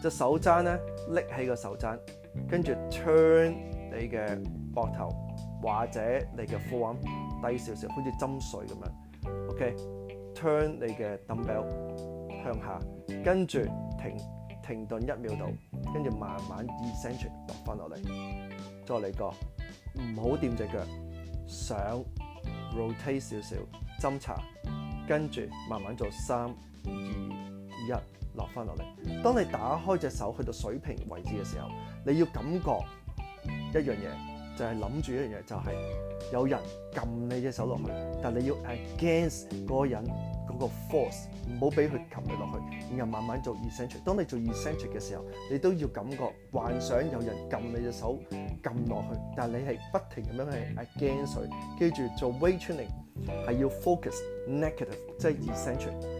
隻手踭咧，拎起個手踭，跟住 turn 你嘅膊頭或者你嘅褲揞低少少，好似斟水咁樣。OK，turn、okay？你嘅 dumbbell 向下，跟住停停頓一秒度，跟住慢慢 eccentric 落翻落嚟。再嚟個唔好掂隻腳，想 rotate 少少斟茶，跟住慢慢做三二。3, 2, 落翻落嚟，當你打開隻手去到水平位置嘅時候，你要感覺一樣嘢，就係諗住一樣嘢，就係有人撳你隻手落去，但你要 against 個人嗰個 force，唔好俾佢撳你落去，然後慢慢做 eccentric。當你做 eccentric 嘅時候，你都要感覺幻想有人撳你隻手撳落去，但你係不停咁樣去 against 佢，記住做 weight training 係要 focus negative，即係 eccentric。